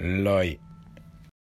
Lloyd.